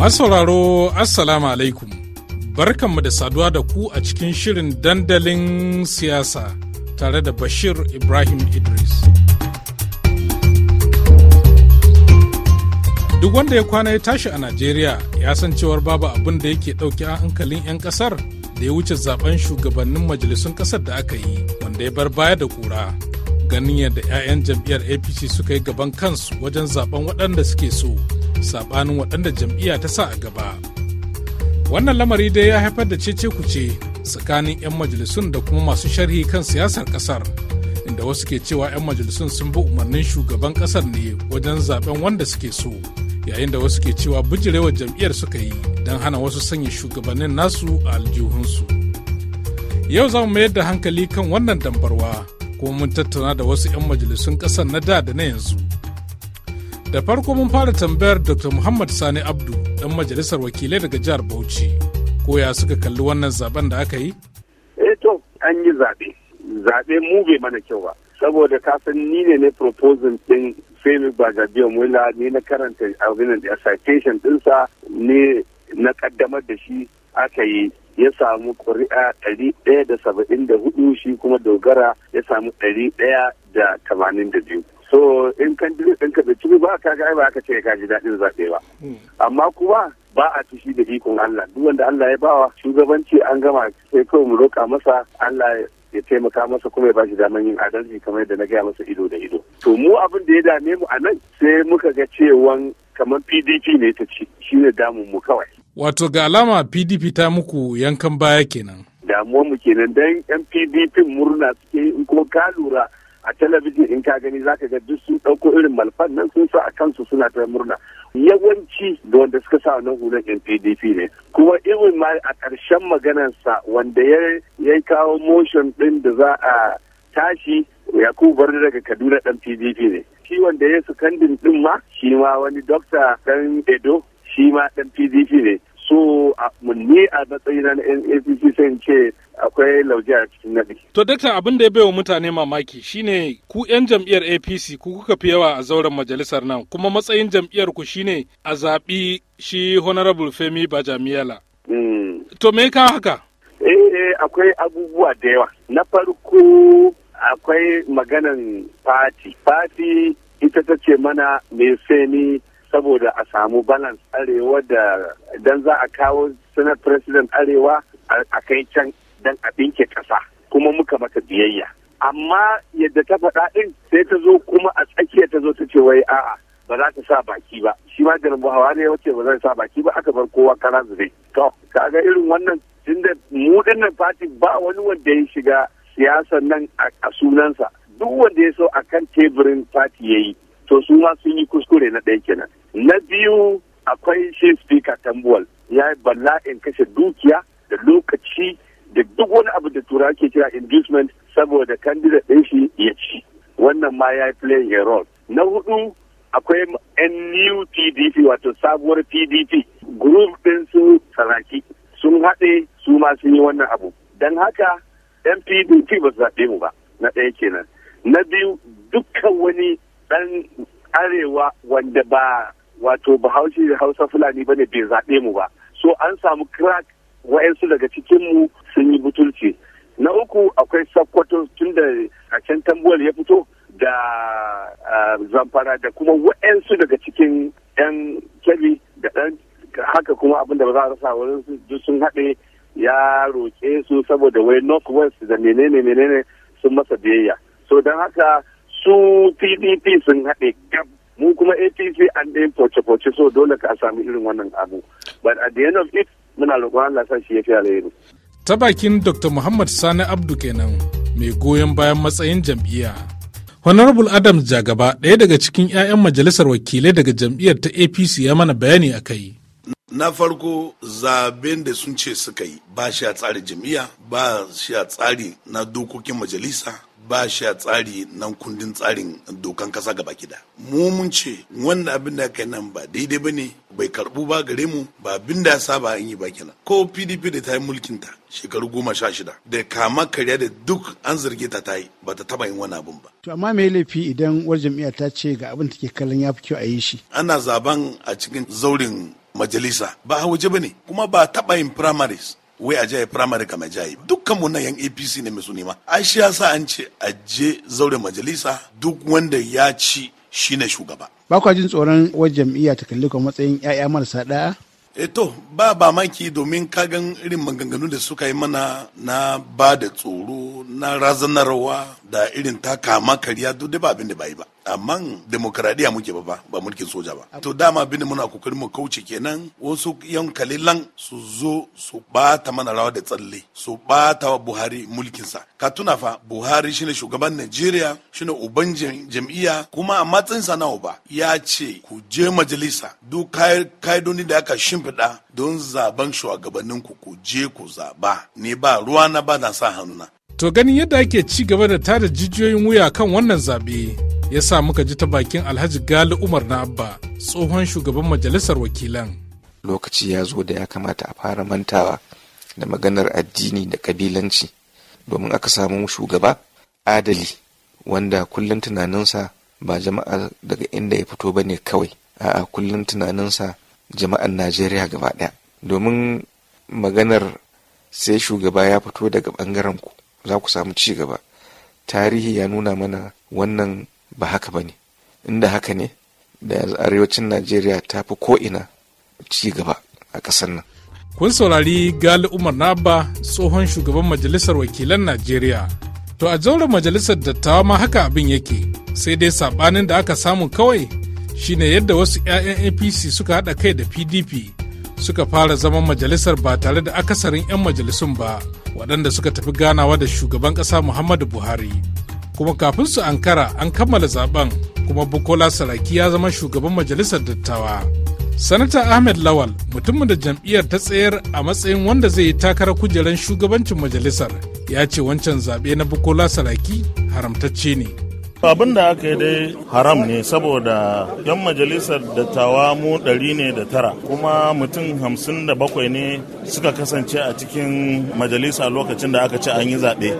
masauraro Assalamu alaikum. Barkanmu da saduwa da ku a cikin shirin dandalin siyasa tare da Bashir Ibrahim Idris. Duk wanda ya kwana ya tashi a Najeriya ya san cewar babu abin da yake ɗauki a hankalin 'yan ƙasar da ya wuce zaben shugabannin majalisun ƙasar da aka yi wanda ya bar baya da kura. Ganin yadda 'ya'yan jam'iyyar APC suka yi gaban kansu wajen zaben waɗanda suke so. saɓanin waɗanda jam'iyya ta sa a gaba wannan lamari dai ya haifar da cece kuce tsakanin 'yan majalisun da kuma masu sharhi kan siyasar ƙasar inda wasu ke cewa 'yan majalisun sun bi umarnin shugaban ƙasar ne wajen zaben wanda suke so yayin da wasu ke cewa bijirewar jam'iyyar suka yi don hana wasu sanya shugabannin nasu a aljihunsu yau za mu mayar da hankali kan wannan dambarwa kuma mun tattauna da wasu 'yan majalisun ƙasar na da da na yanzu Da farko mun fara tambayar Dr. Muhammad Sani Abdu dan majalisar wakilai daga jihar Bauchi ko ya suka kalli wannan zaben da aka yi? Eh to an yi zaɓe. Zaɓe mu bai mana kyau ba. Saboda ka san ni ne ne proposal ɗin Femi Bagabiyo Mula ni na karanta abinan da citation ɗinsa ne na ƙaddamar da shi aka yi ya samu ƙuri'a ɗari ɗaya da saba'in da hudu shi kuma dogara ya samu ɗari ɗaya da tamanin da biyu. so in kan dire din ka da ba ka ga ba ka ce ka ji dadin zabe ba hmm. amma kuma ba a tishi da ikon Allah duk wanda Allah ya bawa shugabanci an gama sai kawai mu roka masa Allah ya taimaka masa kuma ya bashi daman yin adalci kamar yadda na gaya masa ido da ido to mu abin da ya dame mu a nan sai muka ga cewan kamar PDP ne ta ci shi ne damun mu kawai wato ga alama PDP ta muku yankan baya kenan damuwar mu kenan dan yan PDP murna suke in kuma ka lura a talabijin in ka gani zaka ga duk sun ɗauko irin malfan nan sun sa a kansu suna ta murna yawanci da wanda suka sa wannan hulan yan pdp ne kuma irin ma a ƙarshen maganarsa wanda ya kawo motion ɗin da za a tashi yakubu barni daga kaduna ɗan pdp ne shi wanda ya su kandin ɗin ma shi ma wani dokta ɗan edo shi ma ɗan pdp ne so ni a matsayina na NAPC sai ce akwai lauje a cikin nadi. To dakta abin da ya bai wa mutane mamaki shine ku 'yan jam'iyyar APC ku kuka fi yawa a zauren majalisar nan kuma matsayin jam'iyyar ku shine a zaɓi shi Honorable Femi Bajamiyala. Hmm. To me ka haka? Eh, eh akwai abubuwa da yawa. Na farko akwai maganan fati. Fati ita ta ce mana me ni saboda a samu balance arewa da dan za a kawo sanar president arewa a kai can dan a binke kasa kuma muka mata biyayya amma yadda ta faɗa ɗin sai ta zo kuma a tsakiya ta zo ta ce wai a'a ba za ta sa baki ba shi ma garin hawa ne wace ba ta sa baki ba aka bar kowa kara zube to kaga irin wannan tunda mu dinnan fati ba wani wanda ya shiga siyasan nan a sunansa duk wanda ya so kan teburin fati yi to su ma sun yi kuskure na ɗaya kenan na biyu akwai shi speaker tambuwal ya yi bala'in kashe dukiya da lokaci da duk wani abu da tura ke kira inducement saboda candidate ɗin shi ya ci wannan ma ya yi playing a role na hudu akwai yan new pdp wato sabuwar pdp group ɗin su saraki sun haɗe su ma sun yi wannan abu don haka mpdp pdp ba su zaɓe mu ba na ɗaya kenan na biyu dukkan wani ɗan arewa wanda ba wato bahaushe da hausa fulani ne bai zaɓe mu ba so an samu crack wa'yansu daga cikin mu sun yi butulci na uku akwai sakkwato tun da a can tambuwal ya fito da zamfara da kuma wa'yansu daga cikin yan kyabi da ɗan haka kuma abin da ba za a rasa wurin su sun haɗe ya roƙe su saboda wai north west da menene menene sun masa biyayya so don haka su pdp sun haɗe gab mu kuma apc an ɗaya foce-foce so dole ka sami irin wannan abu but at the end of it muna roƙon allah sa shi ya fi alheri ta bakin dr muhammad sani abdu kenan mai goyon bayan matsayin jam'iyya honorable adams jagaba ɗaya daga cikin 'ya'yan majalisar wakilai daga jam'iyyar ta apc ya mana bayani a kai na farko zaben da sun ce suka yi ba shi a tsari jami'a ba shi a tsari na dokokin majalisa ba shi a tsari nan kundin tsarin dokan kasa gaba kida mu mun ce wannan abin da kai nan ba daidai ba ne bai karbu ba gare mu ba abin da saba an yi ba kenan ko pdp da ta yi mulkin ta shekaru goma sha shida da kama karya da duk an zarge ta ta yi ba ta taba yin wani abin ba to amma me laifi idan war jam'iyya ta ce ga abin take kallon ya fi kyau a yi shi ana zaben a cikin zaurin majalisa ba waje ne. kuma ba taba yin primaries wai a jaye firamare ka majayi dukkan mu na yan apc ne mai su nema ai shi yasa an ce a je zaure majalisa duk wanda ya ci shine shugaba ba kwa jin tsoron wajen jam'iyya ta kalli kuma matsayin yaya marasa ɗaya e to ba ba maki domin kagan irin maganganun da suka yi mana na ba da tsoro na razanarwa da irin ta kama kariya duk ba abin da ba yi ba amma demokradiya muke ba ba mulkin soja ba to dama abin muna kokarin mu kauce kenan wasu yan kalilan su zo su bata mana rawa da tsalle su bata wa Buhari mulkin sa ka tuna fa Buhari shine shugaban Najeriya shine uban jam'iyya kuma a matsayin sa na uba ya ce ku je majalisa duk kaidoni da aka shimfiɗa don zaben shugabannin ku ku je ku zaba ni ba ruwa na ba na sa hannuna To ganin yadda ake ci gaba da tada jijiyoyin wuya kan wannan zaɓe ya sa muka ji ta bakin Alhaji Gali Umar na Abba tsohon shugaban majalisar wakilan. Lokaci ya zo da ya kamata a fara mantawa da maganar addini da kabilanci domin aka samu shugaba adali wanda kullum tunaninsa ba jama'a daga inda ya fito ba ne kawai a'a kullum tunaninsa jama'an najeriya gaba ɗaya domin maganar sai shugaba ya fito daga ɓangaren ku za ku samu ci gaba tarihi ya nuna mana wannan ba haka ba ne inda haka ne da arewacin najeriya ta fi ko'ina ci gaba a ƙasar nan kun saurari gali umar naba tsohon shugaban majalisar wakilan najeriya to a zauren majalisar dattawa ma haka abin yake sai dai sabanin da aka samu kawai shine yadda wasu 'ya'yan apc suka haɗa kai da pdp suka fara zaman majalisar ba tare da akasarin 'yan majalisun ba waɗanda suka tafi ganawa da shugaban ƙasa muhammadu buhari kuma kafin su ankara an kammala zaben kuma bukola saraki ya zama shugaban majalisar dattawa sanata ahmed lawal mutumin da jam'iyyar ta tsayar a matsayin wanda zai yi takarar kujerar shugabancin majalisar ya ce wancan zaɓe na bukola saraki haramtacce ne abin da aka yi dai haram ne saboda yan majalisar dattawa mu ɗari ne da tara kuma mutum hamsin da bakwai ne suka kasance a cikin majalisa lokacin da aka ci an yi zaɓe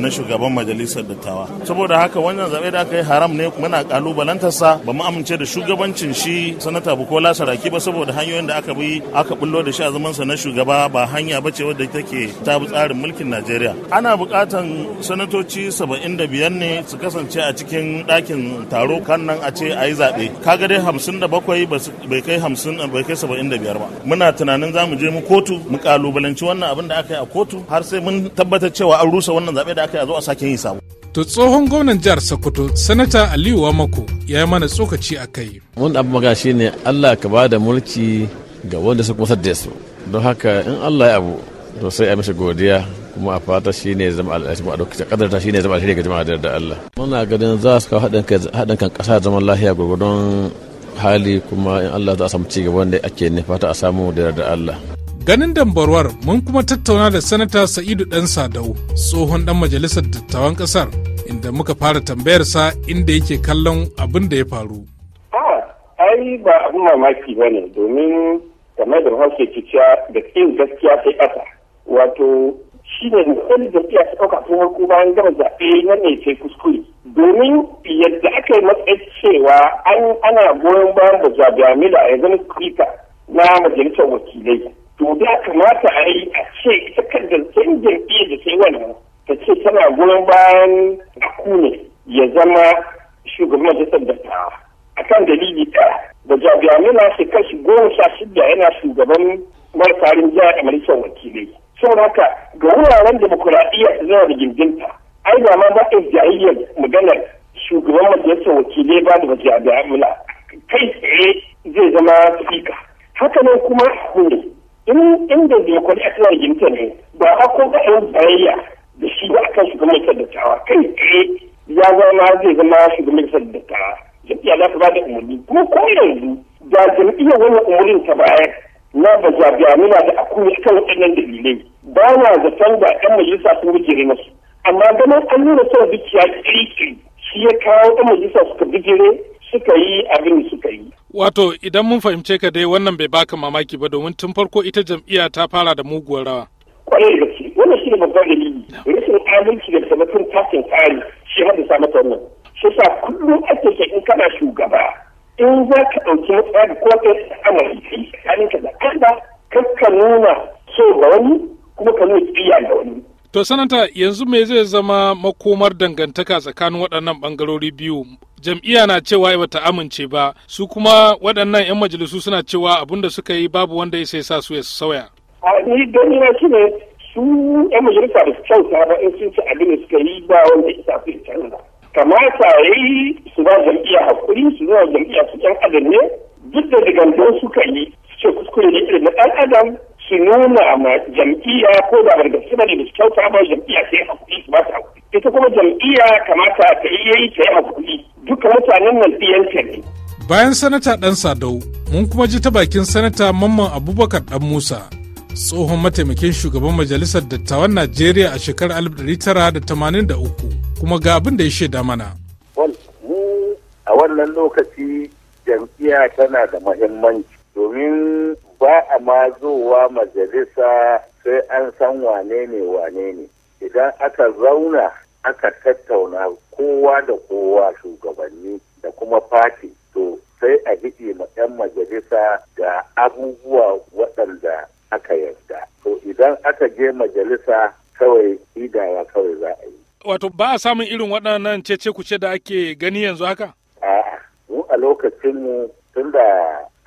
na shugaban majalisar dattawa saboda haka wannan zaɓe da aka yi haram ne muna kalubalantarsa ba mu amince da shugabancin shi sanata bukola saraki ba saboda hanyoyin da aka bi aka bullo da shi a zamansa na shugaba ba hanya ba ce wadda take ta tsarin mulkin najeriya ana buƙatan sanatoci saba'in da biyar ne su kasance a cikin ɗakin taro kan nan a ce a yi zaɓe kaga dai hamsin da bakwai bai kai hamsin bai kai saba'in da biyar ba muna tunanin za mu je mu kotu mu kalubalanci wannan abin da aka yi a kotu har sai mun tabbatar cewa an rusa wannan zaɓe da aka yi a zo a sake yin sabo. to tsohon gwamnan jihar sokoto sanata aliyu wa wamako ya yi mana tsokaci a kai. wani abu maga ne allah ka ba da mulki ga wanda suka masar da su don haka in allah ya abu to sai a mishi godiya kuma a fata shi ne zama alhaji a ɗauki kadar ta shi ne zama alheri ga jama'a da Allah muna ganin za su kawo haɗin kan ƙasa zaman lafiya gwagwadon hali kuma in Allah za a samu ci gaban da ake ne fata a samu da yarda Allah ganin dambarwar mun kuma tattauna da sanata sa'idu dan sadau tsohon dan majalisar dattawan kasar inda muka fara tambayar tambayarsa inda yake kallon abin da ya faru ai ba abin mamaki ba ne domin game da hausa ke da kin gaskiya sai ƙasa wato shi ne hukumar jam'iyya ta ɗauka tun farko bayan gama zaɓe na ne sai kuskure domin yadda aka yi matsayin cewa an ana goyon bayan da zaɓe a yanzu spika na majalisar wakilai to da kamata a yi a ce ita kan da san jam'iyyar da sai wani ta ce tana goyon bayan akune ya zama shugaban majalisar dattawa akan dalili ta da mila na kan shi goma sha shida yana shugaban martarin jihar majalisar wakilai da haka wuraren demokuraɗiyya suna da gindinta ai ba ma ba a jayayyar maganar shugaban majalisar wakilai ba da waje ya kai tsaye zai zama spika haka nan kuma ne in inda demokuraɗiyya suna da gindinta ne ba a ko ba a bayayya da shi ba kan shugaban majalisar dattawa kai tsaye ya zama zai zama shugaban majalisar dattawa jam'iyya za ta ba da umarni kuma ko yanzu da jam'iyyar wannan umarnin ta bayar na ba nuna da akwai kan waɗannan dalilai ba na zaton da ɗan majalisa sun bijire masu amma ganin an nuna son dukiya kirkiri shi ya kawo ɗan majalisa suka bijire suka yi abin da suka yi. Wato idan mun fahimce ka dai wannan bai baka mamaki ba domin tun farko ita jam'iyya ta fara da muguwar rawa. Kwarai da gaske wannan shi ne babban dalili rashin aminci da tabbatin tashin tsari shi sa mata wannan. Shi sa kullum ake ke in kana shugaba in za ka ɗauki matsaya da kowace amurki tsakaninka da kanda kakka nuna so ga wani kuma ka nuna kiyayya da wani To sanata yanzu me zai zama makomar dangantaka tsakanin waɗannan ɓangarori biyu jam'iyya na cewa ba ta amince ba su kuma waɗannan 'yan majalisu suna cewa abin da suka yi babu wanda ya sai sa su ya sauya. A ni don na shi ne su 'yan majalisa da su kyauta ba in sun ci abin da suka yi ba wanda ya sa su canza. Kamata ya yi su ba jam'iyya hakuri su zama jam'iyya su can adam ne duk da digantar suka yi su ce kuskure ne irin na ɗan adam su nuna ma jam'iyya ko da ba da su da su kyauta ba jam'iyya sai hakuri su ba su hakuri ita kuma jam'iyya kamata ta yi yayi ta yi hakuri duka mutanen nan ne. Bayan sanata ɗan Sadau, mun kuma ji ta bakin sanata Mamman Abubakar ɗan Musa, tsohon mataimakin shugaban majalisar dattawan Najeriya a shekarar 1983 kuma ga abin da ya shaida mana. a wannan lokaci jam'iyya tana da mahimmanci domin ba a ma zowa majalisa sai an san wane ne wane ne idan aka zauna aka tattauna kowa da kowa shugabanni da kuma fati to sai a hiɗe ma 'yan majalisa da abubuwa waɗanda aka yarda to idan aka je majalisa kawai idawa kawai za a yi wato ba a samun irin waɗannan cece kuce da ake gani yanzu haka a'a mu a lokacinmu tun da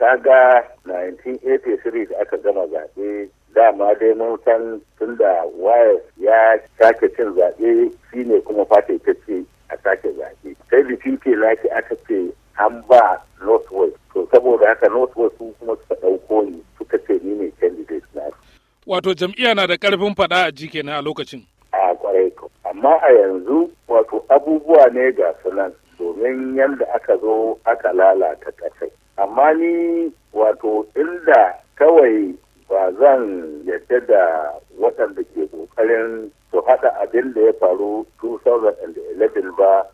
kaga 1983 da aka gama zaɓe dama dai mun san tun da wires ya sake cin zaɓe shine kuma fata ita ce a sake zaɓe sai bikin ke laki aka ce an ba west to saboda haka west su kuma suka ɗauko ni suka ce ni ne candidate na wato jam'iyya na da ƙarfin faɗa a ji kenan a lokacin a kwarai amma a yanzu wato abubuwa ne ga sunan domin yadda aka zo aka lalata ƙasai amma ni wato inda kawai ba zan yadda da waɗanda ke ƙoƙarin su haɗa abin da ya faru 2011 ba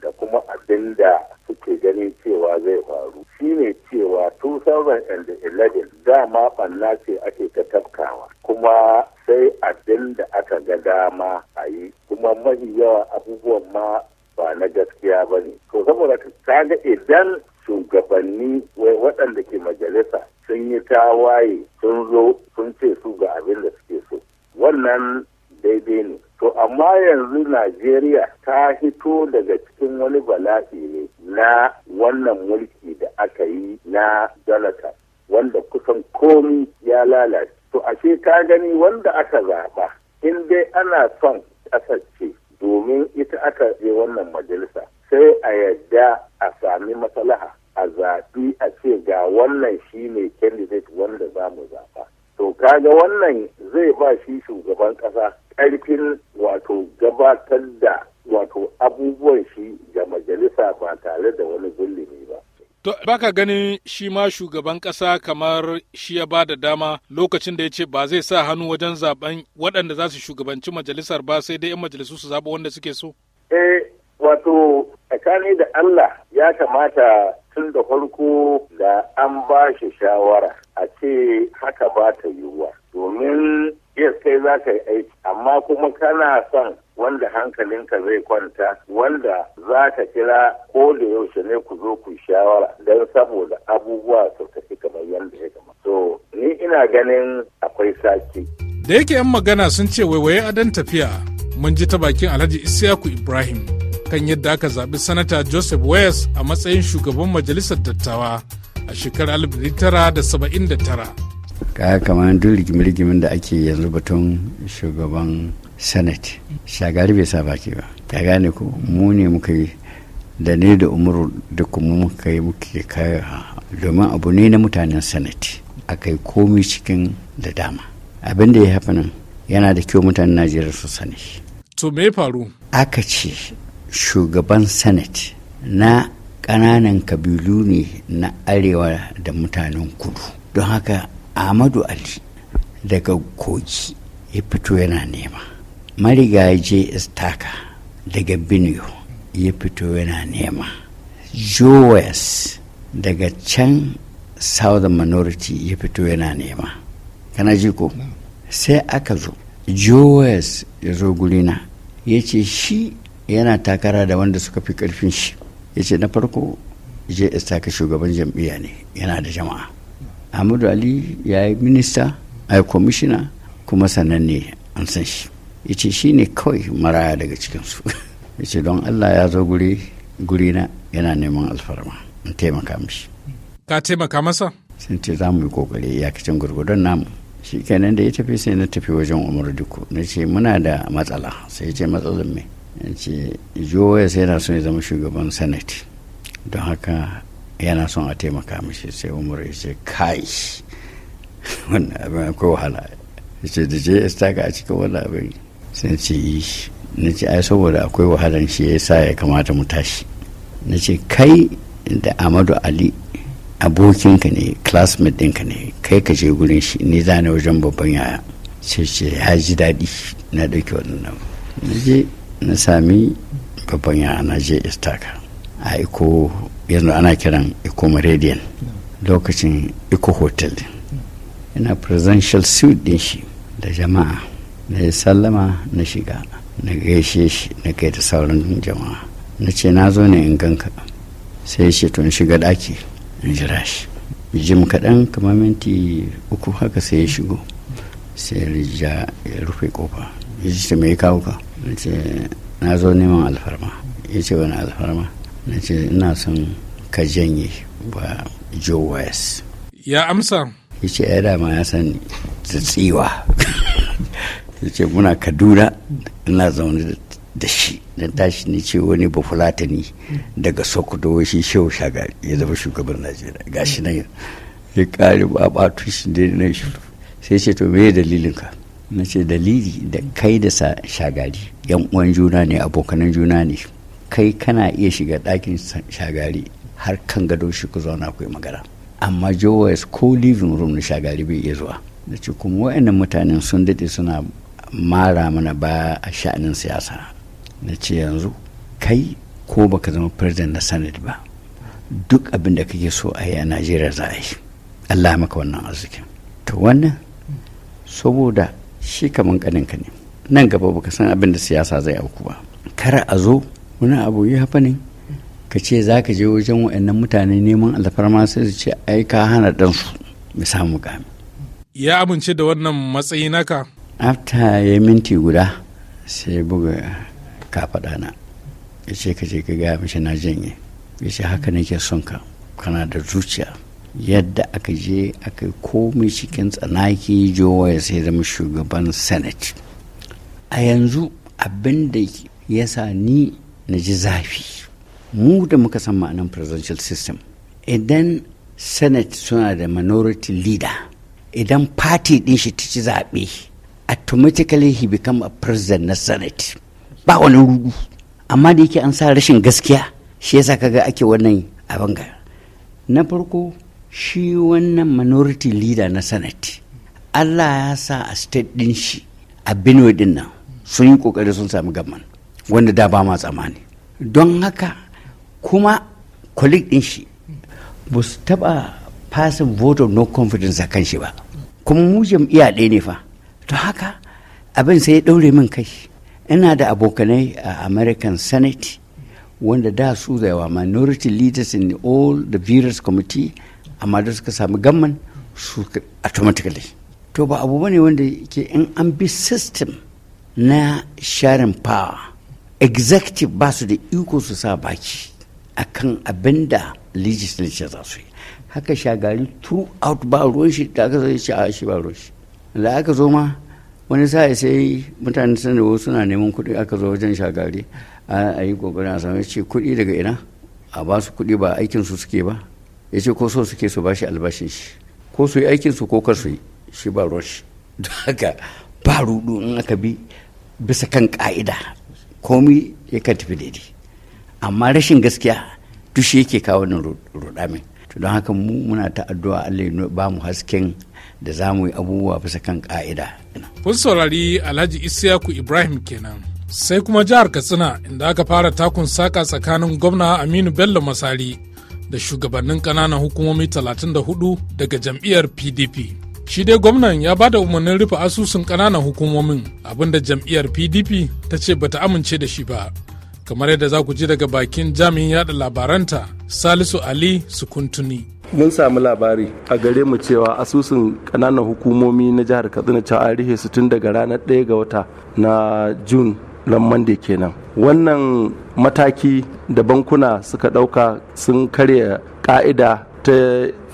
da kuma abin da suke ganin cewa zai faru shi ne cewa 2011 dama ɓanna ce ake ta tafkawa kuma sai abin da aka ga dama a yi kuma mafi yawa abubuwan ma ba na gaskiya ba ne to saboda ta ga idan shugabanni waɗanda ke majalisa sun yi tawaye sun zo sun ce su ga abin da suke so wannan daidai ne to amma yanzu najeriya ta hito daga cikin wani bala'i ne na wannan mulki da aka yi na jonathan wanda kusan komi ya lalace to ashe ka gani wanda aka zaɓa in dai ana son ƙasar ce domin ita aka je wannan majalisa sai a yadda a sami maslaha a zaɓi a ce ga wannan shi ne candidate wanda za mu zaɓa. To kaga wannan zai ba shi shugaban ƙasa ƙarfin wato gabatar da wato abubuwan shi ga majalisa ba tare da wani zulumi ba. To ka ganin shi ma shugaban ƙasa kamar shi ya ba da dama lokacin da ya ce ba zai sa hannu wajen zaben waɗanda za su shugabanci majalisar ba sai dai 'yan majalisu su zaɓa wanda suke so? Eh, wato tsakani da Allah ya kamata tun da farko da an ba shi shawara a ce haka ba ta yiwuwa domin yes kai za ka yi aiki amma kuma kana son wanda hankalinka zai kwanta wanda za ka kira ko da yaushe ne ku zo ku shawara don saboda abubuwa su tafi kamar yadda ya kama so ni ina ganin akwai sake da yake 'yan magana sun ce waiwaye adon tafiya mun ji ta bakin alhaji isyaku ibrahim kan yadda aka zaɓi sanata joseph west a matsayin shugaban majalisar dattawa a shekarar 1979 kaya kamar duk rigimi-rigimin da ake yanzu batun shugaban senate shagari bai sa baki ba ya gane ko mu ne muka yi da ne da umaru da kuma muka yi muke kaya domin abu ne na mutanen senate akai kai komi cikin da dama abin da ya hafi nan yana da kyau mutanen najeriya su sani to me faru aka ce shugaban senate na ƙananan kabilu ne na arewa da mutanen kudu don haka amadu ali daga kogi ya fito yana nema marigaje istaka daga benue ya fito yana nema joes daga can southern minority ya fito yana nema kana ji ko sai aka zo joes ya zo gurina ya ce shi yana takara da wanda suka fi karfin shi ya ce na farko js ka shugaban jam'iyya ne yana da jama'a ahmadu ali ya yi minista a kwamishina kuma sannan ne an san shi ya ce shi ne kawai maraya daga cikinsu ya ce don allah ya zo guri guri na yana neman alfarma in taimaka mishi ka taimaka masa sun ce za mu yi kokari iyakacin gurgudun namu shi kenan da ya tafi sai na tafi wajen umar duku na ce muna da matsala sai ya ce matsalar mai ya ce sai yana son ya zama shugaban senate don haka yana son a taimaka mishi sai umar ya ce kai wannan abin akwai wahala ya ce da js ta ka a cikin wannan abin sai ce yi na ce ai saboda akwai wahalan shi ya sa ya kamata mu tashi na ce kai da amadu ali abokinka ne classmate ɗinka ne kai ka je gurin shi ni zane wajen babban yaya sai ce ya ji daɗi na ɗauki wannan na ce. na sami babban ya je istaka a iko yanzu ana kiran iko meridian lokacin iko hotel ina presidential suit din shi da jama'a na yi sallama na shiga na gaishe shi na kai da sauran jama'a na ce na zo ne in ganka sai shi tun shiga daki in jira shi jim kaɗan kamar minti uku haka sai ya shigo sai ya rufe kofa ya ce mai kawo ka na ce na zo neman alfarma ya ce wani alfarma na ce ina son ka janye ba joe west ya amsa ya ce ya dama ya san da tsiwa ya ce muna kaduna ina zaune da shi na tashi ni ce wani bafulatani daga sokoto shi shehu shagari ya zama shugaban najeriya gashi nan ya kare ba a shi ne na shi sai ce to me dalilin ka na ce dalili da kai da shagari yan uwan juna ne abokanan juna ne kai kana iya shiga ɗakin shagari har kan gado shi ku zauna ku yi magana amma jowes ko living room na shagari bai iya zuwa da ce kuma waɗannan mutanen sun daɗe suna mara mana ba a sha'anin siyasa na ce yanzu kai ko baka zama president na senate ba duk abin da kake so a yi a najeriya za a yi allah maka wannan arzikin to wannan saboda shi ganin ka ne nan gaba baka san abin da siyasa zai auku ba kar a zo wani abu yi hafa ne ka ce za ka je wajen waɗannan mutane neman alfarma sai su ce ai ka hana ɗansu mu samu gami ya amince da wannan matsayi naka afta ya minti guda sai buga kafaɗa na ya ce ka je ka gaya mishi na janye ya ce haka nake son ka kana da zuciya yadda aka je aka yi komai cikin tsanaki jowa ya sai zama shugaban senate a yanzu abin da ya sa ni na ji zafi mu da muka san ma'anin presidential system idan senate suna da minority leader idan party din shi ta ci zaɓe automatically he become a president na senate ba wani rugu amma da yake an sa rashin gaskiya shi yasa kaga ake wannan abin ga na farko shi wannan minority leader na senate allah ya sa a state din shi a benue din nan sun yi kokari sun sami gamman wanda da ba ma tsammani don haka kuma colleague din shi ba su taba passing vote of no confidence a kan shi ba kuma mu jam'iyya ɗaya ne fa to haka abin sai ya ɗaure min kai ina da abokanai a american senate wanda da su da yawa minority leaders in all the various committee amma da suka sami gamman su automatically to ba abu bane wanda ke in an bi system na sharing power executive ba su da iko su sa baki akan abin da legislature za su yi haka shagari throughout ba ruwan shi da aka zai a shi ba ruwan shi da aka zo ma wani sa'a sai mutane sun da suna neman kuɗi aka zo wajen shagari a yi kokarin a sami ce kuɗi daga ina a ba su kuɗi ba aikin su suke ba ya ce ko so suke su shi albashin shi ko su yi aikin su ko kar su yi shi ba ruwan shi don haka ba rudu in aka bi bisa kan ka'ida komi ya kan tafi daidai amma rashin gaskiya duk shi yake kawo wannan rudamin to don haka mu muna ta addu'a Allah ya ba mu hasken da za mu yi abubuwa bisa kan ka'ida kun saurari Alhaji Isiyaku Ibrahim kenan sai kuma jihar Katsina inda aka fara takun saka tsakanin gwamna Aminu Bello Masari da shugabannin ƙananan hukumomi 34 daga jam'iyyar pdp shi dai gwamnan ya ba da umarnin rufe asusun ƙananan hukumomin abinda jam'iyyar pdp ta ce bata amince da shi ba kamar yadda za ku ji daga bakin jami'in yada labaranta salisu ali sukuntuni mun sami labari a gare mu cewa asusun kananan hukumomi na jihar katsina cewa an rufe su tun daga ranar 1 ga wata na june lamman da kenan wannan mataki da bankuna suka ɗauka sun karya ƙa'ida ta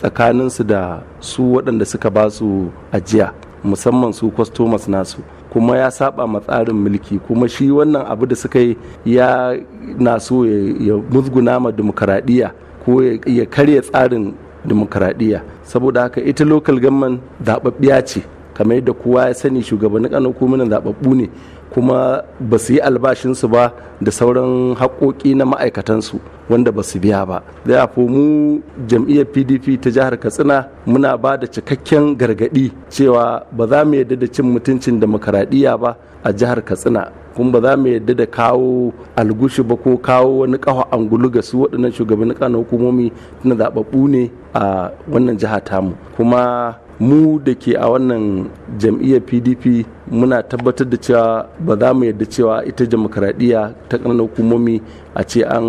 tsakaninsu da su waɗanda suka ba su ajiya musamman su kwastomas nasu kuma ya saba ma tsarin mulki kuma shi wannan abu da suka yi ya na so ya musguna ma demokaradiyya ko ya karya tsarin demokaradiyya saboda haka ita lokal government zaɓaɓɓiya ce kamar yadda kowa ya sani shugabannin ko kuma zaɓaɓɓu ne kuma ba su yi albashinsu ba da sauran haƙoƙi na ma'aikatansu wanda ba su biya ba da mu jam'iyyar pdp ta jihar katsina muna ba da cikakken gargaɗi cewa ba za mu yarda da cin mutuncin demokaradiyya ba a jihar katsina kuma ba za mu yarda da kawo algushi ba ko kawo wani kawo angulu ga su waɗannan shugabannin kano hukumomi na zaɓaɓɓu ne a wannan jiha tamu kuma mu da ke a wannan jam'iyyar pdp muna tabbatar da cewa ba za mu yadda cewa ita demokaradiyya ta ƙananan hukumomi a ce an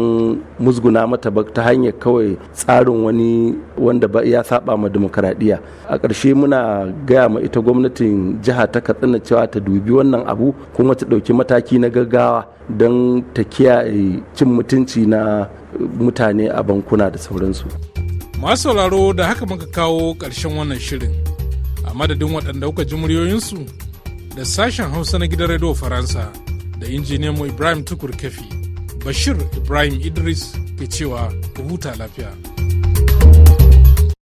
musguna mata ba ta hanyar kawai tsarin wani wanda ba ya saba ma demokaradiyya a ƙarshe muna gaya ma ita gwamnatin jiha ta katsina cewa ta dubi wannan abu kuma ta ɗauki mataki na gaggawa don ta kiyaye cin mutunci na mutane a bankuna da sauransu. masu sauraro da haka muka kawo ƙarshen wannan shirin a madadin waɗanda kuka ji muryoyinsu da sashen hausa na gidan Radio faransa da injiniyan mu ibrahim tukur kefi bashir ibrahim idris ke cewa ku huta lafiya.